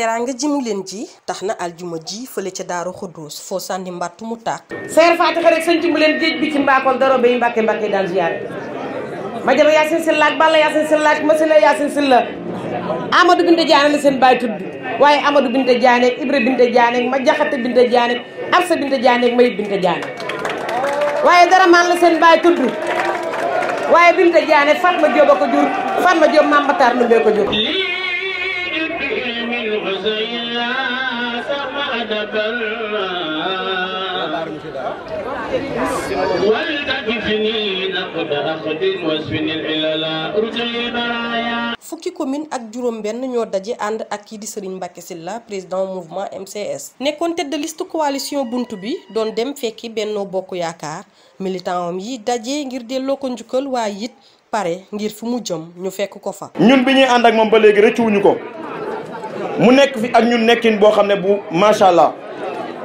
teranga ji mu len ji taxna aljuma ji fele ci daru khudus fo sandi mbattu mu tak ser faatixa rek sëñ ci mu len géej bi ci mbaakoon darobe be mbake mbake dal ziar ma jama yasin sallak balla yasin sallak ak masila yasin silla amadou binte jaane la sen bay tuddu waye amadou binte jaane ak ibra binte ak ma jaxata binte jaane ak arsa binte jaane ak mayit binte jaane waye dara man la sen bay tuddu waye binte jaane fatma jóob ko jur fatma jóob lu be ko jur حسين سمعت بلا fukki commune ak juróom benn ñoo daje ànd ak kii di Serigne Mbacké la président mouvement MCS nekkoon tête de liste bunt bi doon dem fekki Benno Bokk Yaakaar militant am yi daje ngir delloo ko njukkal waaye it pare ngir fu mu jëm ñu fekk ko fa ñun bi ñuy ànd ak moom ba léegi rëccuwuñu ko mu nekk fi ak ñun nekkin boo xam ne bu macha allah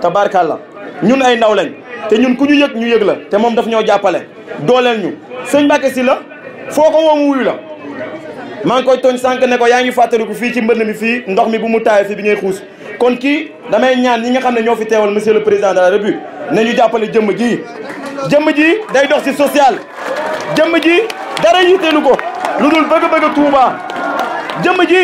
la ñun ay ndaw lañ te ñun ku ñu yëg ñu yëg la te moom daf ñoo jàppale dooleel ñu sëñ Mbacké Sylla foo ko woo mu wuyu la maa ngi koy tooñ sànq nekko yaa ngi fàttaliku fii ci mbënd mi fii ndox mi bu mu taayee fii bi ngay xuus kon kii damay ñaan ñi nga xam ne ñoo fi teewal monsieur le président de la république ne ñu jàppale jëmm ji jëmm ji day dox si social jëmm ji dara yitteelu ko lu dul bëgg-bëgg ji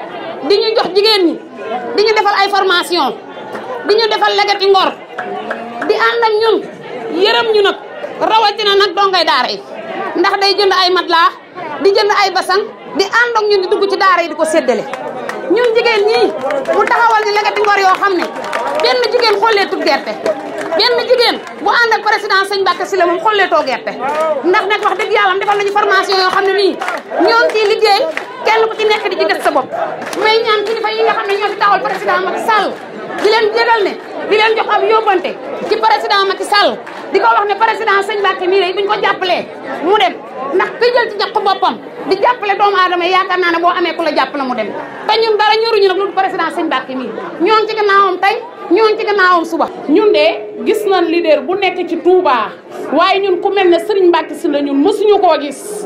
di ñu jox jigen ñi di ñu defal ay formation di ñu defal legati ngor di and ak ñun yeeram ñu na nak do ngay daara yi ndax day jënd ay matla di jënd ay basang di and ak ñun di dugg ci daara yi di ko séddale ñun jigen ñii mu taxawal ni legati ngor yo xamne benn jigen xolé tu gerté benn jigen bu and ak président seigne bakka sile mom xolé to gerté ndax nag wax dëgg yàlla defal nañu formation yo xamne ni ñoom liggéey kenn ku ci nekk di ci def sa bopp may ñaan kilifa yi nga xam ne ñoo fi taxawal président Macky Sall di leen yëgal ne di leen jox ab yóbbante ci président Macky Sall di ko wax ne président sëñ Mbacke mii rek bu ñu ko jàppalee mu dem ndax ki ci ñaq boppam di jàppale doomu aadama yaakaar naa ne boo amee ku la jàpp na mu dem te ñun dara ñoruñu nag lu président sëñ Mbacke mii ñoo ngi ci gannaawam tey ñoo ngi ci gannaawam suba ñun de gis na leader bu nek ci Touba waye ñun ku melne Serigne Mbacke Sylla ñun mësuñu koo gis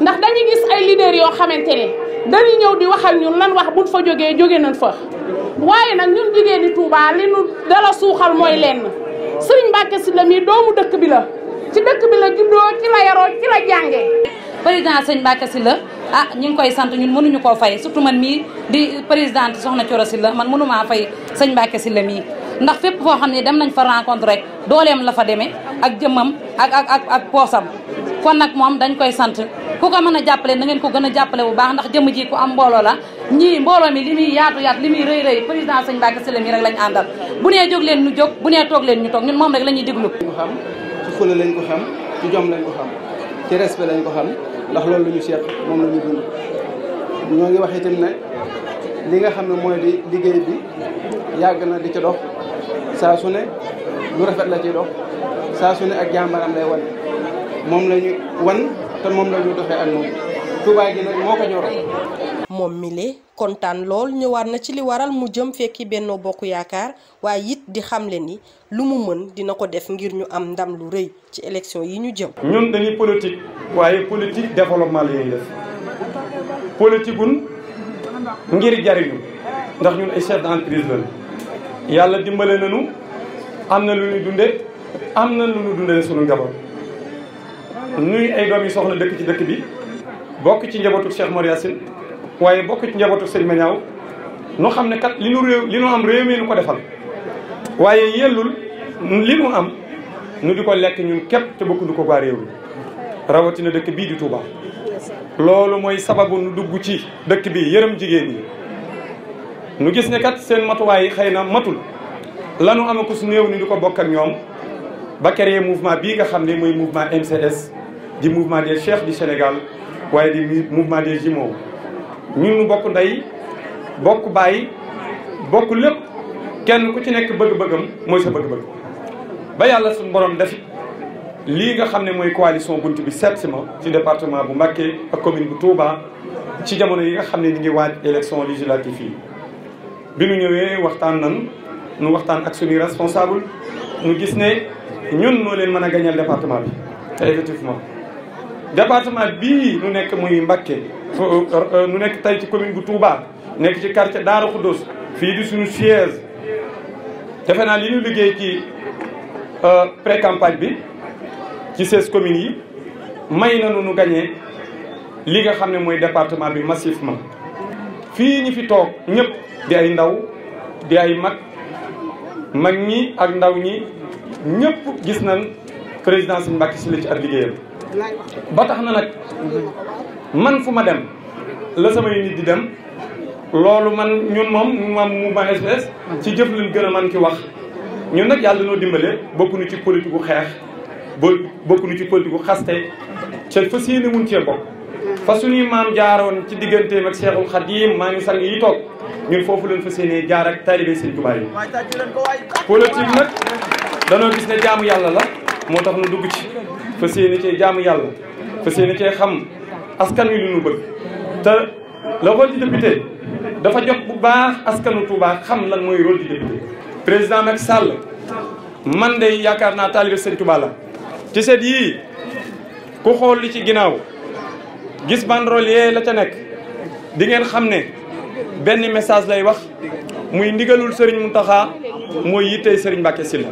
ndax dañuy gis ay leader yo xamantene dañuy ñew di waxal ñun lan wax buñ fa jógee jóge nañ fa. waye nak ñun jigéen di Touba li ñu dala suxal moy lenn Serigne Mbacke Sylla mi doomu dëkk bi la ci dëkk bi la juddoo ci la yaro ci la jàngee. président Serigne Mbacke Sylla ah ñu ngi koy sant ñun mënuñu ko fay surtout man mi di présidente soxna Thioro Sylla man mënuma fay Serigne Mbacke mi ndax fépp foo xam ne dem nañ fa rencontre rek dooleem la fa demee ak jëmmam ak ak ak ak poosam kon nag moom dañ koy sant ku ko mën a jàppale na ngeen ko gën a jàppale bu baax ndax jëmm ji ku am mbooloo la ñii mbooloo mi li muy yaatu yaatu li muy rëy rëy président sëñ Mbacke Sylla mi rek lañ àndal bu nee jóg leen ñu jóg bu nee toog leen ñu toog ñun moom rek la ñuy déglu ko xam ci fula lañ ko xam ci jom lañ ko xam ci respect lañ ko xam ndax loolu lu ñu seet moom la ñu dund ñoo ngi wax itam ne li nga xam ne mooy di liggéey bi yàgg na di ca dox saa su lu rafet la ciy dox saa su ak jàmbaram lay wan moom la wan te moom la doxee ak moom tubaay gi nag moo ko ñor moom mile kontaan lool ñëwaat na ci li waral mu jëm fekki Benno Bokk Yaakaar waaye it di xamle ni lu mu mën dina ko def ngir ñu am ndam lu rëy ci élection yi ñu jëm. ñun dañuy politique waaye politique développement la def politique ngir jariñu ndax ñun ay chef d'entreprise lañu yàlla dimbale nañu am na lu ñu dunde am na lu ñu dunde suñu njaboot nuy ay doom yi soxna dëkk ci dëkk bi bokk ci njabootu Cheikh Mor Yassine waaye bokk ci njabootu Serigne Maniaw nu xam ne kat li nu réew li nu am réew mi nu ko defal waaye yellul li nu am nu di ko lekk ñun képp te bokk du ko baa réew mi rawatina dëkk bii di Touba loolu mooy sababu nu dugg ci dëkk bi yërëm jigéen yi. nu disons que kat seen matuwaay yi xëy na matul lanu am ko su néew ni di ko ak mouvement bii nga mouvement MCS di mouvement des chefs du Sénégal waaye di mouvement des Jimo. Nous ñu bokk ndey bokk baay bokk lépp kenn ku ci nekk bëgg-bëggam mooy sa bëgg-bëgg ba yàlla suñu borom def lii nga xam ne coalition bunt bi seet ci département bu Mbacké ak commune bu Touba ci jamono yi nga élection législative bi nu ñëwee waxtaan nan ñu waxtaan ak suñuy responsable ñu gis ne ñun noo leen mën a gañal département bi te effectivement département bii nu nekk muy Mbacké euh, nu nekk tey ci commune bu Touba nekk ci quartier Daara Khoudoss fii di suñu siège defe naa li ñu liggéey ci euh, pré campagne bi ci seize communes yi may nañu nu gagné li nga xam ne mooy département bi massivement fii ñi fi toog ñëpp di ay ndaw di ay mag mag ñi ak ndaw ñi ñëpp gis nañ président Serigne Mbacké Sylla ci ab liggéeyam ba tax na nag man fu ma dem la samay nit di dem loolu man ñun moom moom mouvement espèce ci jëf lañ gën a man ci wax ñun nag yàlla noo dimbale bokkuñu ci politique gu xeex bokkuñu ci politique gu xaste ca fas yéene wuñ cee bokk fa suñuy maam jaaroon ci digganteem ak Seexul Xadiim maa ngi sang yi toog ñun foofu leen fas yéenee jaar ak taalibe Sëriñ Tuubaa yi politique nag danoo gis ne jaamu yàlla la moo tax nu dugg ci fas yéene cee jaamu yàlla fas yéene cee xam askan wi lu ñu bëgg te le rôle du député dafa jot bu baax askanu Touba xam lan mooy rôle du député président Macky Sall man de yaakaar naa taalibe Sëriñ Tuubaa la ci seet yii ku xool li ci ginnaaw gis banderole yee la ca nekk di ngeen xam ne benn message lay wax muy ndigalul Serigne Mountakha mooy yittey Serigne Mbacké Sylla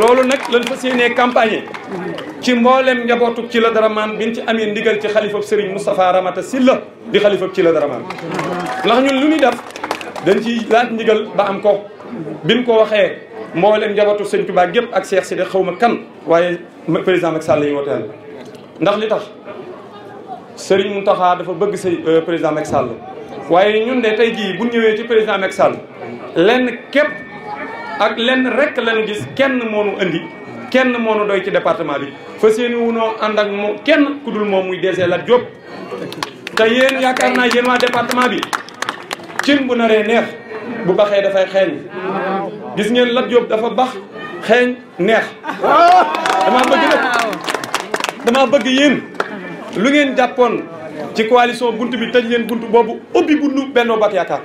loolu nag lañ fas yéenee campagne ci mboolem njabootu ci la dara maan biñ ci ndigal ci xalifab Serigne Moustapha Ramata Sylla di xalifab ci la dara maan ndax ñun lu ñuy def dañ ci laaj ndigal ba am ko biñ ko waxee mboolem njabootu Serigne Touba gépp ak Cheikh Sidi xaw kan waaye président Macky Sall lañu wooteel ndax li tax Serigne Mountakha dafa bëgg sa euh, président Macky Sall waaye ñun de tey jii bu ñëwee ci président Macky Sall lenn képp ak lenn rek lañu gis kenn moonu indi kenn moonu doy ci département bi fas yéene wunoo ànd ak moom kenn ku moom muy DG Lat Diop te yéen yaakaar naa yéen waa département bi cin bu naree neex bu baxee dafay xeeñ gis ngeen Lat Diop dafa bax xeeñ neex dama bëgg nag lu ngeen jàppoon ci coalition bunt bi tëj leen bunt boobu ubbi buntu Benno Bokk Yaakaar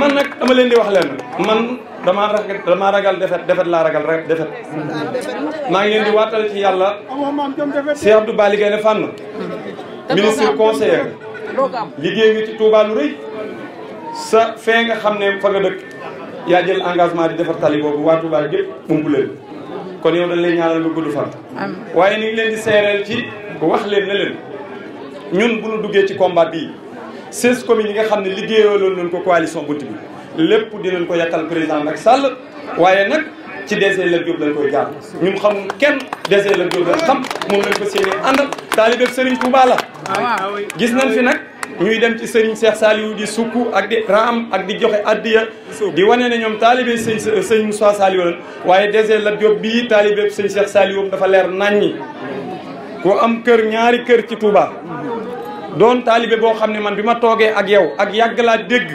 man nag dama leen di wax leen man damaa ragal damaa ragal defet defet laa ragal rek defet maa ngi leen di waatal ci yàlla Cheikh Abdou Bali Gaynde Fànn ministre conseiller liggéey nga ci Touba lu rëy sa fee nga xam ne fa nga dëkk yaa jël engagement di defar tali boobu waa Touba gépp umbu leen kon yow dañ lay ñaanal nga gudd fan. waaye ni ngi leen di seereel ci wax leen ne leen ñun bu ñu duggee ci combat bi seize communes yi nga xam ne liggéeyoo loolu nañ ko coalition bunt bi lépp dinañ ko yàqal président Macky Sall waaye nag ci DG Lat Diop lañ koy jaar ñun xam kenn DG Lat Diop lañ xam moom lañ ko séenee àndal taalibe Serigne Touba la ah, gis nañ fi nag ñuy dem ci sëriñ Cheikh Saliou di sukk ak di raam ak di joxe addiya di wane ne ñoom taalibe sëñ sëñ Moussa Saliou lan waaye dèjà la job bii taalibe sëñ Cheikh Saliou dafa leer naññi ku am kër ñaari kër ci Touba doon taalibe boo xam ne man bi ma toogee ak yow ak yàgg laa dégg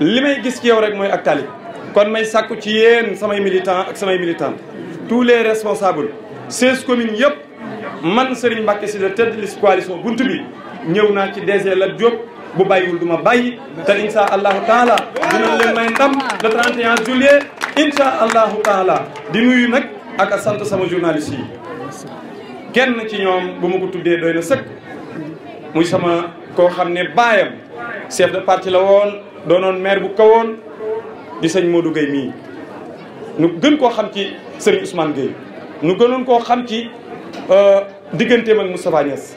li may gis ci yow rek mooy ak taalibe kon may sàkku ci yéen samay militant ak samay militant tous les responsables seize communes yëpp man Serigne Mbacké Sylla tête de liste coalition bunt bi ñëw naa ci DG la jot bu bàyyiwul du ma bàyyi te incha allahu taala dinañ leen may ndam le 31 juillet allahu taala di nuyu nag ak a sant sama journaliste yi kenn ci ñoom bu ma ko tuddee doy na sëkk muy sama koo xam ne baayam chef de parti la woon doonoon maire bu kawoon di sëñ Modou Gueye mii ñu gën koo xam ci sëriñ Ousmane Gueye ñu gënoon koo xam ci euh, digganteem ak Moustapha Niass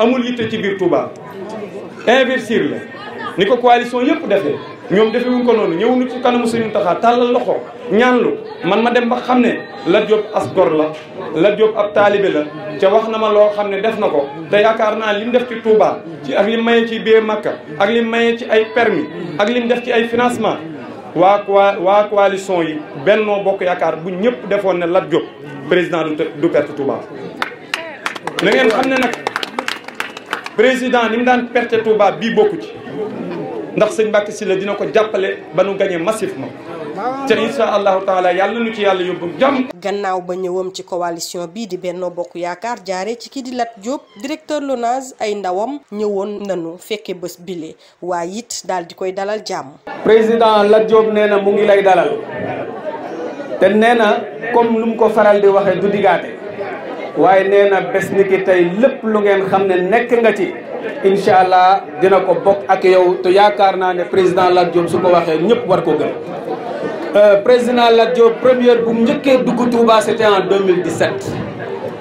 amul yitte ci biir Touba investir la ni ko coalition yëpp defee ñoom defewuñ ko noonu ñëw nu ci kanamu suñu taxaa tàllal loxo ñaanlu man ma dem ba xam ne Lat Diop as gor la Lat Diop ab taalibe la ca wax na ma loo xam ne def na ko te yaakaar naa li mu def ci Touba ci ak lim mayee ci biir Makka ak lim mayee ci ay permis ak lim def ci ay financement waa waa waa coalition yi Benno Bokk Yaakaar bu ñëpp defoon ne Lat Diop président du perte Touba na ngeen président ni mu daan perte Touba bii bokku ci ndax sëñ Mbacke Sylla dina ko jàppale ba nu gagné massivement te incha allahu taala yàlla nu ci yàlla yóbbu jàmm. gannaaw ba ñëwam ci coalition bii di Benno Bokk Yaakaar jaare ci kii di Lat Diop directeur LONASE ay ndawam ñëwoon nañu fekke bés bile waaye it daal di koy dalal jàmm. président Lat Diop nee na mu ngi lay dalal te nee na comme lu mu ko faral di waxee du digaate waaye nee na bés ni ki tey lépp lu ngeen xam ne nekk nga ci incha allah dina ko bokk ak yow te yaakaar naa ne président Lat Diop su ko waxee ñëpp war ko gëm. Euh, président Lat Diop première bu mu njëkkee dugg Touba c'était en 2017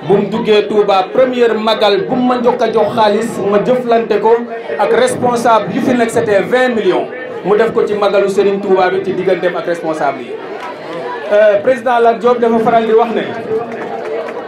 bu mu duggee Touba première magal bu mu ma njëkk a jox xaalis ma jëflante ko ak responsable yu fi nekk c'était 20 millions mu def ko ci magalu Serigne Touba bi ci digganteem ak responsable yi. Euh, président Lat Diop dafa faral di wax ne.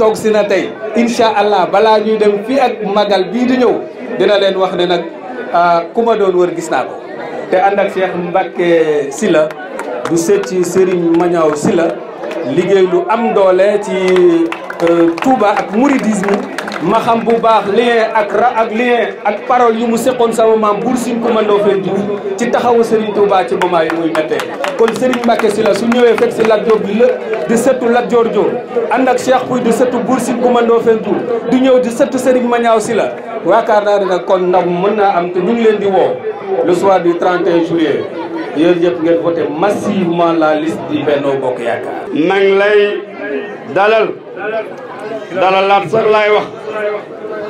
toog si na tey incha allah balaa ñuy dem fii ak magal bii di ñëw dina leen wax ne nag ah, ku ma doon wër gis naa ko te ànd ak Cheikh Mbacke Sylla du seet ci mañaw si la liggéey lu am doole ci euh, Touba ak mouridisme ma xam bu baax lien ak ra ak lien ak parole yu mu seqoon sama maam Buur Sine Coumba Ndoffène Diouf ci taxawu Serigne Touba ci moment yi muy méttee kon Serigne Mbacké Sylla su ñëwee fekk si Lat Dior bi la di sëttu Lat Dior Dior ànd ak Cheikh Pouye di sëttu Buur Sine Coumba Ndoffène Diouf du ñëw di ma ñaaw si la waakaar naa ne nag kon ndam mën naa am te ñu ngi leen di woo le soir du 31 juillet yéen ñëpp ngeen voté massivement la liste di Benno Bokk Yaakaar. nang lay dalal dalalaat sax lay wax.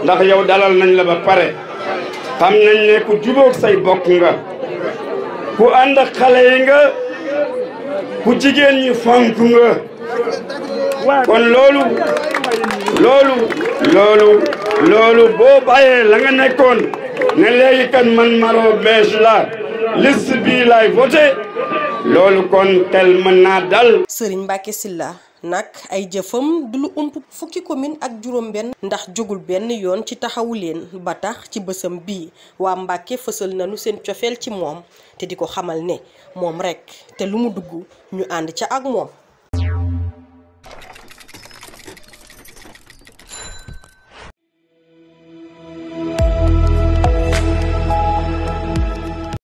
ndax yow dalal nañ la ba pare xam nañ ne ku jubóog say bokk nga ku ànd ak xale yi nga ku jigéen ñi fonk nga kon loolu loolu loolu loolu boo bàyyee la nga nekkoon ne léegi kan man maro bees la liste bii laay voté loolu kon tel mën naa dal Serigne Mbacké Sylla nag ay jëfam du lu ump fukki commune ak juróom-benn ndax jógul benn yoon ci taxawu leen ba tax ci bësam bi waa Mbàkke fësal nañu seen cofeel ci moom te di ko xamal ne moom rekk te lu mu dugg ñu ànd ca ak moom.